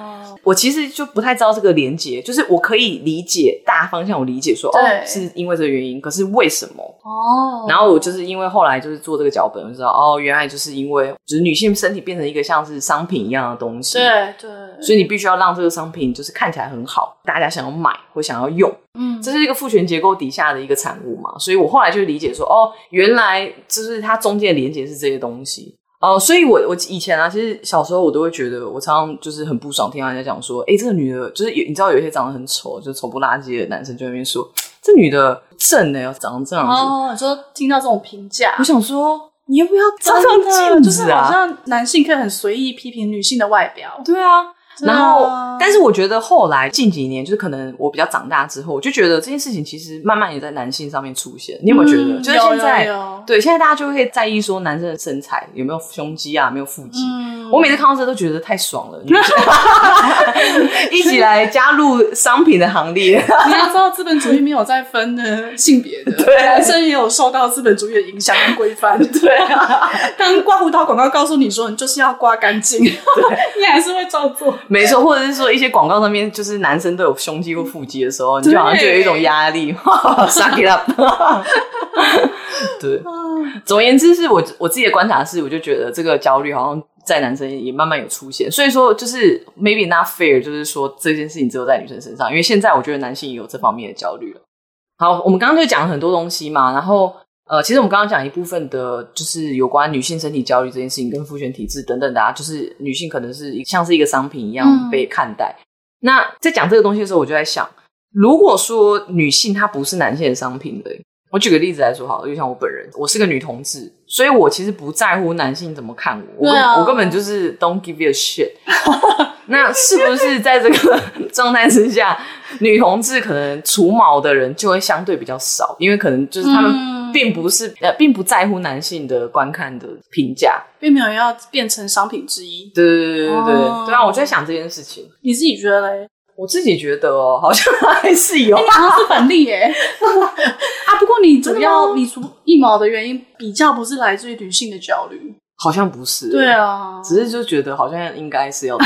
我其實就不太知道這個連結，就是我可以理解大方向，我理解說哦，是因為這個原因，可是為什麼？哦，然後我就是因為後來就是做這個腳本，我就知道哦，原來就是因為就是女性身體變成一個像是商品一樣的東西，對對，所以你必須要讓這個商品就是看起來很好，大家想要買或想要用，嗯，這是一個父權結構底下的一個產物嘛，所以我後來就理解說哦，原來就是它中間的連結是這些東西。哦，所以我，我我以前啊，其實小時候我都會覺得，我常常就是很不爽，聽到人家講說，誒、欸，這個女的，就是有，你知道，有一些長得很醜，就醜不拉幾的男生就在那邊說，這女的正的、欸、要長成這樣子。哦，你說聽到這種評價，我想說，你要不要照照鏡子啊？就是好像男性可以很隨意批評女性的外表，對啊。然後、啊，但是我覺得後來近幾年，就是可能我比較長大之後，我就覺得這件事情其實慢慢也在男性上面出現。嗯、你有沒有覺得？就是現在，有有有對，現在大家就會在意說男生的身材有沒有胸肌啊，沒有腹肌、嗯。我每次看到這都覺得太爽了，對對 一起來加入商品的行列。 你要知道，資本主義沒有在分的性別的，對、啊，男生也有受到資本主義的影響跟規範。對啊，但 刮鬍刀廣告告訴你說你就是要刮乾淨，對 你還是會照做。沒錯，或者是說一些廣告上面就是男生都有胸肌或腹肌的時候，你就好像就有一種壓力 ，oh，suck suck it up。 對，總而言之是我我自己的觀察是，我就覺得這個焦慮好像在男生也慢慢有出現。所以說，就是 maybe not fair，就是說這件事情只有在女生身上，因為現在我覺得男性也有這方面的焦慮了。好，我們剛剛就講了很多東西嘛，然後。呃，其實我們剛剛講一部分的，就是有關女性身體焦慮這件事情，跟父權體制等等的、啊，就是女性可能是像是一個商品一樣被看待。嗯、那在講這個東西的時候，我就在想，如果說女性她不是男性的商品的，我舉個例子來說好了，就像我本人，我是個女同志，所以我其實不在乎男性怎麼看我，嗯、我，我根本就是 don't give you a shit。 那是不是在這個狀態之下，女同志可能除毛的人就會相對比較少，因為可能就是他們、嗯。並不是呃，並不在乎男性的觀看的評價，並沒有要變成商品之一。對對對對對對啊！哦，我就在想這件事情，你自己覺得嘞？我自己覺得哦，好像還是有、啊。你馬上是反例耶！ 啊，不過你主要，你除腋毛的原因比較不是來自於女性的焦慮，好像不是、欸。對啊，只是就覺得好像應該是要。 那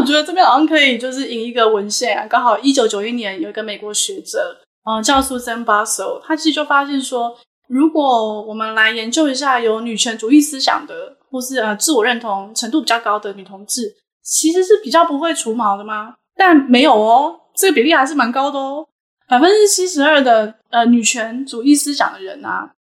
我覺得這邊好像可以就是引一個文獻、啊，剛好一九九一年有一個美國學者。呃、哦，叫 Susan Basow，他其實就發現說，如果我們來研究一下有女權主義思想的，或是呃自我認同程度比較高的女同志，其實是比較不會除毛的嗎？但沒有哦，這個比例還是蠻高的哦，百分之七十二的呃女權主義思想的人啊，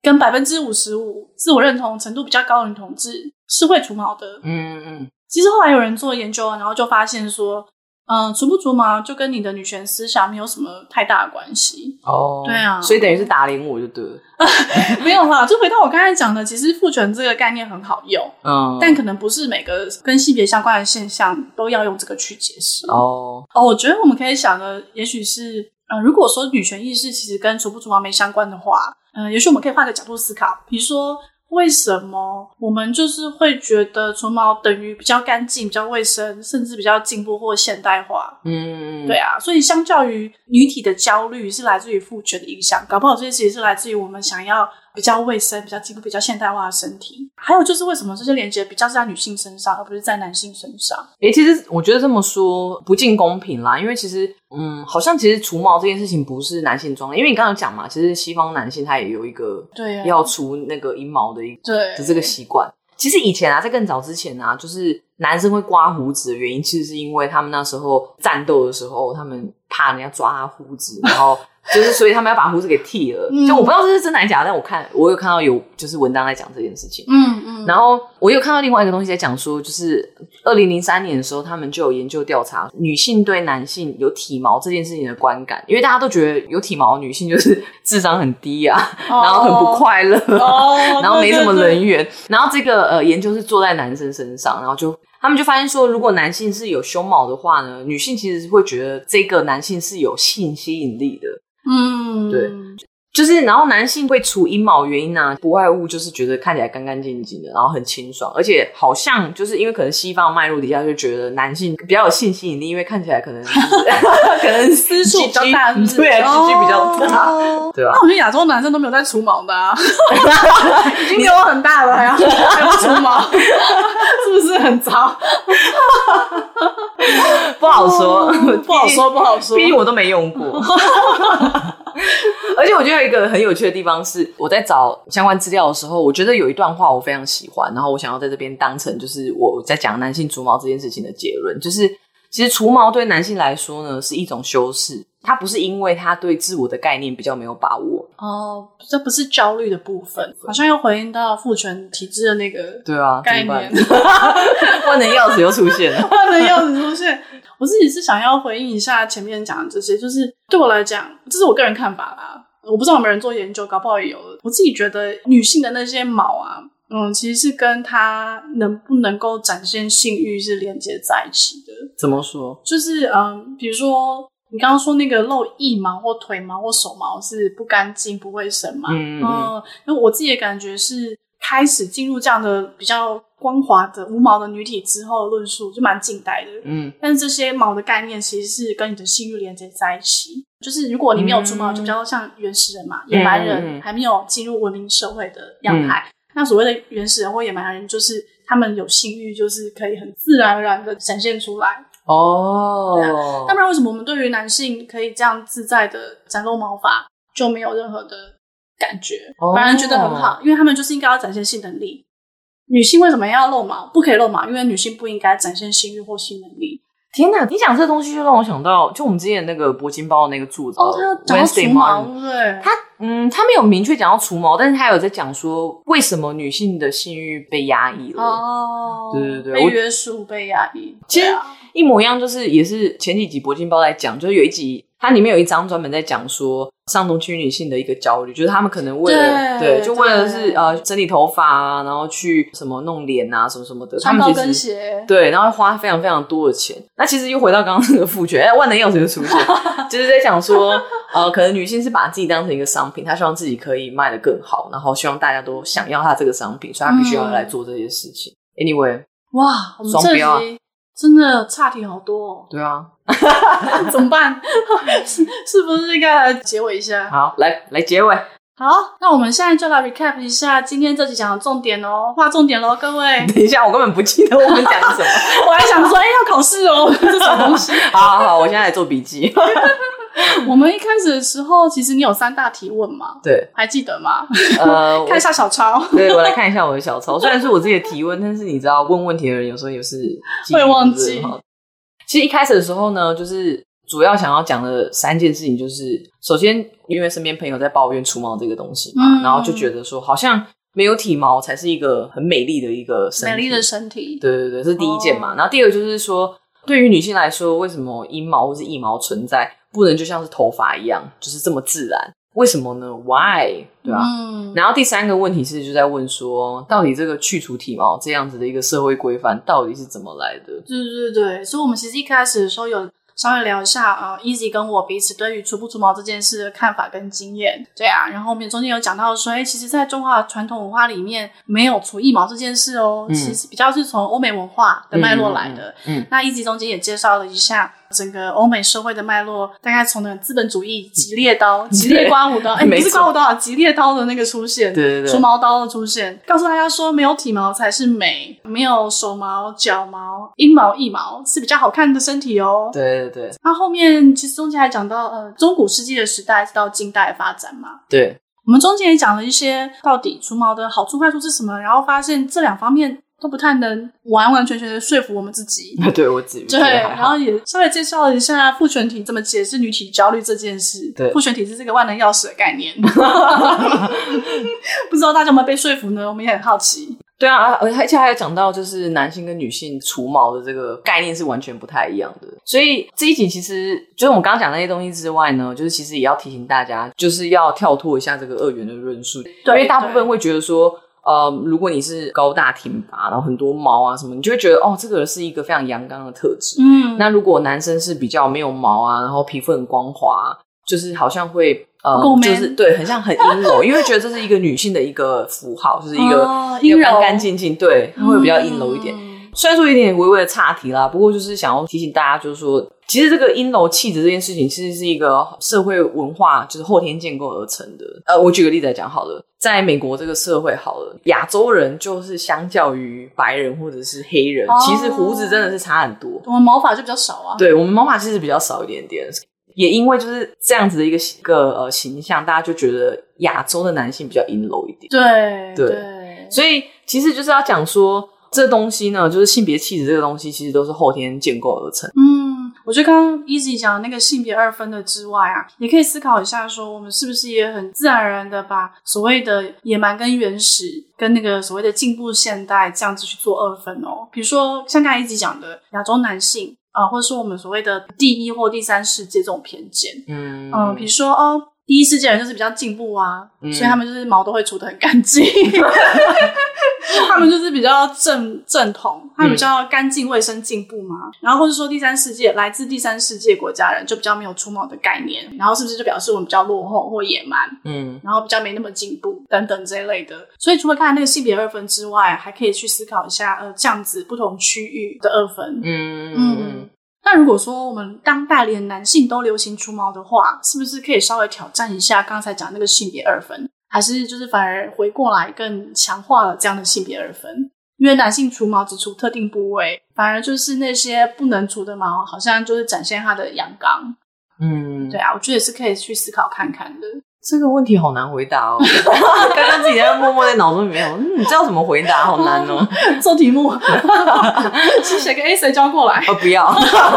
跟百分之五十五自我認同程度比較高的女同志是會除毛的。嗯嗯嗯。其實後來有人做研究，然後就發現說。嗯，除不除毛，就跟你的女權思想沒有什麼太大的關係哦。對啊，所以等於是打臉我就對了。 沒有啦，就回到我剛才講的，其實父權這個概念很好用，嗯，但可能不是每個跟性別相關的現象都要用這個去解釋哦。哦，我覺得我們可以想的，也許是，嗯，如果說女權意識其實跟除不除毛沒相關的話，嗯，也許我們可以換個角度思考，比如說。為什麼我們就是會覺得除毛等於比較乾淨、比較衛生，甚至比較進步或現代化？嗯，對啊，所以相較於女體的焦慮，是來自於父權的影響，搞不好這些事情是來自於我們想要。比較衛生、比較進步、比較現代化的身體，還有就是為什麼這些連結比較是在女性身上，而不是在男性身上？哎、欸，其實我覺得這麼說不盡公平啦，因為其實嗯，好像其實除毛這件事情不是男性裝的，因為你剛剛講嘛，其實西方男性他也有一個對啊，要除那個陰毛的一個的這個習慣。其實以前啊，在更早之前啊，就是男生會刮鬍子的原因，其實是因為他們那時候戰鬥的時候，他們怕人家抓他鬍子，然後。 就是，所以他們要把鬍子給剃了，嗯。就我不知道這是真還是假，但我看我有看到有就是文章在講這件事情。嗯嗯。然後我有看到另外一個東西在講說，就是二零零三年的時候，他們就有研究調查女性對男性有體毛這件事情的觀感，因為大家都覺得有體毛的女性就是智商很低啊，哦、然後很不快樂，啊哦，然後沒什麼人緣。對對對。然後這個呃研究是做在男生身上，然後就。他們就發現說，如果男性是有胸毛的話呢，女性其實是會覺得這個男性是有性吸引力的。嗯，對。就是，然後男性會除陰毛原因呢、啊，不外乎就是覺得看起來乾干淨淨的，然後很清爽，而且好像就是因為可能西方的脈絡底下就覺得男性比較有性吸引力，因為看起來可能 可能私處比較大，對，私處比較大、oh. 對吧？那我覺得亞洲男生都沒有在除毛的啊，已經有很大了還要還要除毛， 是不是很糟 、哦？不好說，不好說，不好說，畢竟我都沒用過。 而且我覺得有一個很有趣的地方是，我在找相關資料的時候，我覺得有一段話我非常喜歡，然後我想要在這邊當成就是我在講男性除毛這件事情的結論，就是其實除毛對男性來說呢是一種修飾，它不是因為他對自我的概念比較沒有把握哦，這不是焦慮的部分，好像又回應到父權體制的那個對啊概念，萬能、啊、 鑰匙又出現了，萬能鑰匙出現。我自己是想要回應一下前面講的這些，就是對我來講，這是我個人看法啦。我不知道有沒有人做研究，搞不好也有了。我自己覺得，女性的那些毛啊，嗯，其實是跟她能不能夠展現性欲是連接在一起的。怎麼說？就是嗯，比如說你剛剛說那個露腋毛或腿毛或手毛是不乾淨、不衛生嘛？嗯嗯,嗯。那我自己的感覺是，開始進入這樣的比較。光滑的無毛的女體之後的論述就蠻近代的，嗯，但是這些毛的概念其實是跟你的性欲連接在一起。就是如果你沒有除毛，嗯，就比較像原始人嘛，野、嗯、蠻人還沒有進入文明社會的樣態，嗯。那所謂的原始人或野蠻人，就是他們有性欲，就是可以很自然而然的展現出來。哦對，啊，那不然為什麼我們對於男性可以這樣自在的展露毛髮，就沒有任何的感覺，哦，反而覺得很好？因為他們就是應該要展現性能力。女性為什麼要露毛？不可以露毛，因為女性不應該展現性欲或性能力。天哪，你講這個東西就讓我想到，就我們之前那個鉑金包的那個作者，他、哦啊、除毛，他嗯，他沒有明確講要除毛，但是他有在講說為什麼女性的性欲被壓抑了。哦，對對對，被約束被、被壓抑，其實一模一樣，就是也是前幾集鉑金包在講，就是有一集。它裡面有一章專門在講說上東區女性的一個焦慮，就是她們可能為了對，對，就為了是呃整理頭髮啊，然後去什麼弄臉啊，什麼什麼的，穿高跟鞋，對，然後花非常非常多的錢。那其實又回到剛剛那個父權，哎、欸，萬能鑰匙就出現。 就是在講說呃可能女性是把自己當成一個商品，她希望自己可以賣得更好，然後希望大家都想要她這個商品，所以她必須要來做這些事情。嗯、anyway，哇，雙標啊！真的差點好多哦！對啊， 怎麼辦？是是不是應該來結尾一下？好，來來結尾。好，那我們現在就來 recap 一下今天這集講的重點哦，畫重點嘍，各位。等一下，我根本不記得我們講的什麼， 我還想說，誒、 哎、要考試哦，這種東西？好好好，我現在來做筆記。 我們一開始的時候，其實你有三大提問嘛？對，還記得嗎？呃， 看一下小抄。對，我來看一下我的小抄。 雖然是我自己的提問，但是你知道，問問題的人有時候也是會忘記。其實一開始的時候呢，就是主要想要講的三件事情，就是首先，因為身邊朋友在抱怨除毛這個東西嘛，嗯、然後就覺得說，好像沒有體毛才是一個很美麗的一個身體。美麗的身體。對對對，這是第一件嘛。哦、然後第二個就是說，對於女性來說，為什麼陰毛或是腋毛存在？不能就像是頭髮一樣，就是這麼自然，為什麼呢？Why？對吧、啊？嗯。然後第三個問題其實就在問說，到底這個去除體毛這樣子的一個社會規範到底是怎麼來的？對對對。所以我們其實一開始的時候有稍微聊一下啊，Easy、呃、跟我彼此對於除不除毛這件事的看法跟經驗，對啊。然後我們中間有講到說，哎，其實，在中華傳統文化裡面沒有除腋毛這件事哦、嗯，其實比較是從歐美文化的脈絡來的。嗯。嗯嗯，那一集中間也介紹了一下。整個歐美社會的脈絡，大概從那資本主義、吉列刀、吉列刮鬍刀。哎，你不是刮鬍刀啊？吉列刀的那個出現，對對對，除毛刀的出現，告訴大家說沒有體毛才是美，沒有手毛、腳毛、陰毛、腋毛是比較好看的身體哦。對對對。那後，後面其實中間還講到，呃，中古世紀的時代直到近代發展嘛。對，我們中間也講了一些到底除毛的好處、壞處是什麼，然後發現這兩方面，都不太能完完全全的說服我們自己， 對我自己對，然後也稍微介紹一下父權體怎麼解釋女體焦慮這件事。對，父權體是這個萬能鑰匙的概念， 不知道大家有沒有被說服呢？我們也很好奇。對啊，而且還有講到就是男性跟女性除毛的這個概念是完全不太一樣的，所以這一集其實就是我剛剛講那些東西之外呢，就是其實也要提醒大家，就是要跳脫一下這個二元的論述。嗯對對，因為大部分會覺得說。呃，如果你是高大挺拔，然後很多毛啊什麼，你就會覺得哦，這個是一個非常陽剛的特質。嗯，那如果男生是比較沒有毛啊，然後皮膚很光滑，啊，就是好像會呃，oh, 就是對，很像很陰柔， 因為覺得這是一個女性的一個符號，就是一個一個，陰柔、乾淨淨，哦，對，會比較陰柔一點。嗯雖然說有點微微的岔題啦，不過就是想要提醒大家，就是說，其實這個陰柔氣質這件事情，其實是一個社會文化，就是後天建構而成的。呃，我舉個例子來講好了，在美國這個社會，好了，亞洲人就是相較於白人或者是黑人，哦，其實鬍子真的是差很多。我們毛髮就比較少啊。對，我們毛髮其實比較少一點點。也因為就是這樣子的一個一個呃形象，大家就覺得亞洲的男性比較陰柔一點。對對，對，所以其實就是要講說。這東西呢，就是性別氣質這個東西，其實都是後天建構而成。嗯，我覺得剛剛 easy 講的那個性別二分的之外啊，也可以思考一下，說我們是不是也很自然而然的把所謂的野蠻跟原始，跟那個所謂的進步現代這樣子去做二分哦。比如說像剛才 easy 講的亞洲男性啊、呃，或者說我們所謂的第一或第三世界這種偏見。嗯嗯、呃，比如說哦。第一世界人就是比較進步啊、嗯，所以他們就是毛都會除得很乾淨， 他們就是比較正正統，他們比較乾淨衛生進步嘛、嗯。然後或者說第三世界來自第三世界國家人就比較沒有除毛的概念，然後是不是就表示我們比較落後或野蠻？嗯，然後比較沒那麼進步等等這一類的。所以除了看那個性別二分之外，還可以去思考一下呃這樣子不同區域的二分。嗯嗯。那如果說我們當代連男性都流行除毛的話，是不是可以稍微挑戰一下剛才講那個性別二分，還是就是反而回過來更強化了這樣的性別二分？因為男性除毛只除特定部位，反而就是那些不能除的毛，好像就是展現他的陽剛。嗯，對啊，我覺得也是可以去思考看看的。這個問題好難回答哦！ 剛剛自己在默默在腦中裡面， 嗯，你知道怎麼回答，好難哦。啊、做題目， 去寫個 A，誰交過來？哦、不要，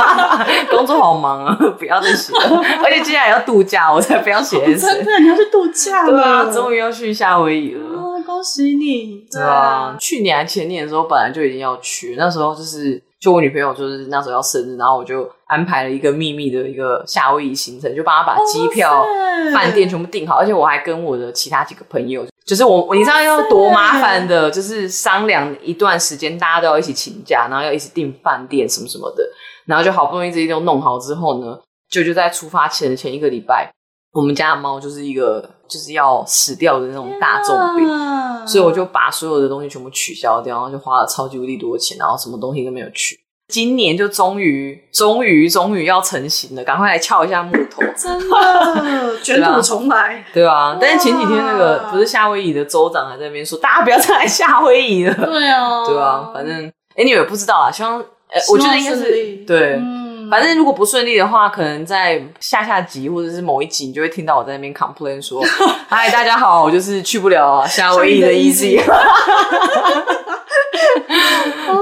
工作好忙啊，不要再寫了。 而且接下來要度假，我才不要寫、S。真的，你要去度假了？啊、終於要去夏威夷了、啊！恭喜你。對啊，對啊，去年還前年的時候，本來就已經要去，那時候就是。就我女朋友就是那時候要生日，然後我就安排了一個秘密的一個夏威夷行程，就幫她把機票、飯、哦、店全部訂好，而且我還跟我的其他幾個朋友，就是我，你知道要多麻煩的、哦，就是商量一段時間，大家都要一起請假，然後要一起訂飯店什麼什麼的，然後就好不容易這些都弄好之後呢，就就在出發前前一個禮拜，我們家的貓就是一個。就是要死掉的那種大重病，yeah. 所以我就把所有的東西全部取消掉，然後就花了超級無敵多錢，然後什麼東西都沒有取。今年就終於、終於、終於要成型了，趕快來撬一下木頭，真的卷 土重來，對吧？對啊 wow. 但是前幾天那個不是夏威夷的州長還在那邊說，大家不要再來夏威夷了， 對啊，對啊，反正誒你也不知道啊，像。誒我覺得應該是對。嗯反正如果不順利的話，可能在下下集或者是某一集，你就會聽到我在那邊 complain 說：“哎， 大家好，我就是去不了，了夏威夷的一集。Easy ”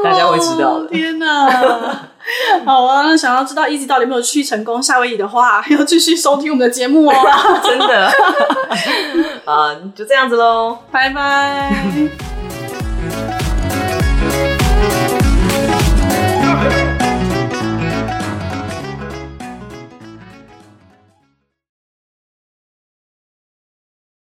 大家會知道、哦。天哪，啊！好啊，想要知道一 y 到底有沒有去成功夏威夷的話，要繼續收聽我們的節目哦， 真的。啊、uh,，就這樣子嘍，拜拜。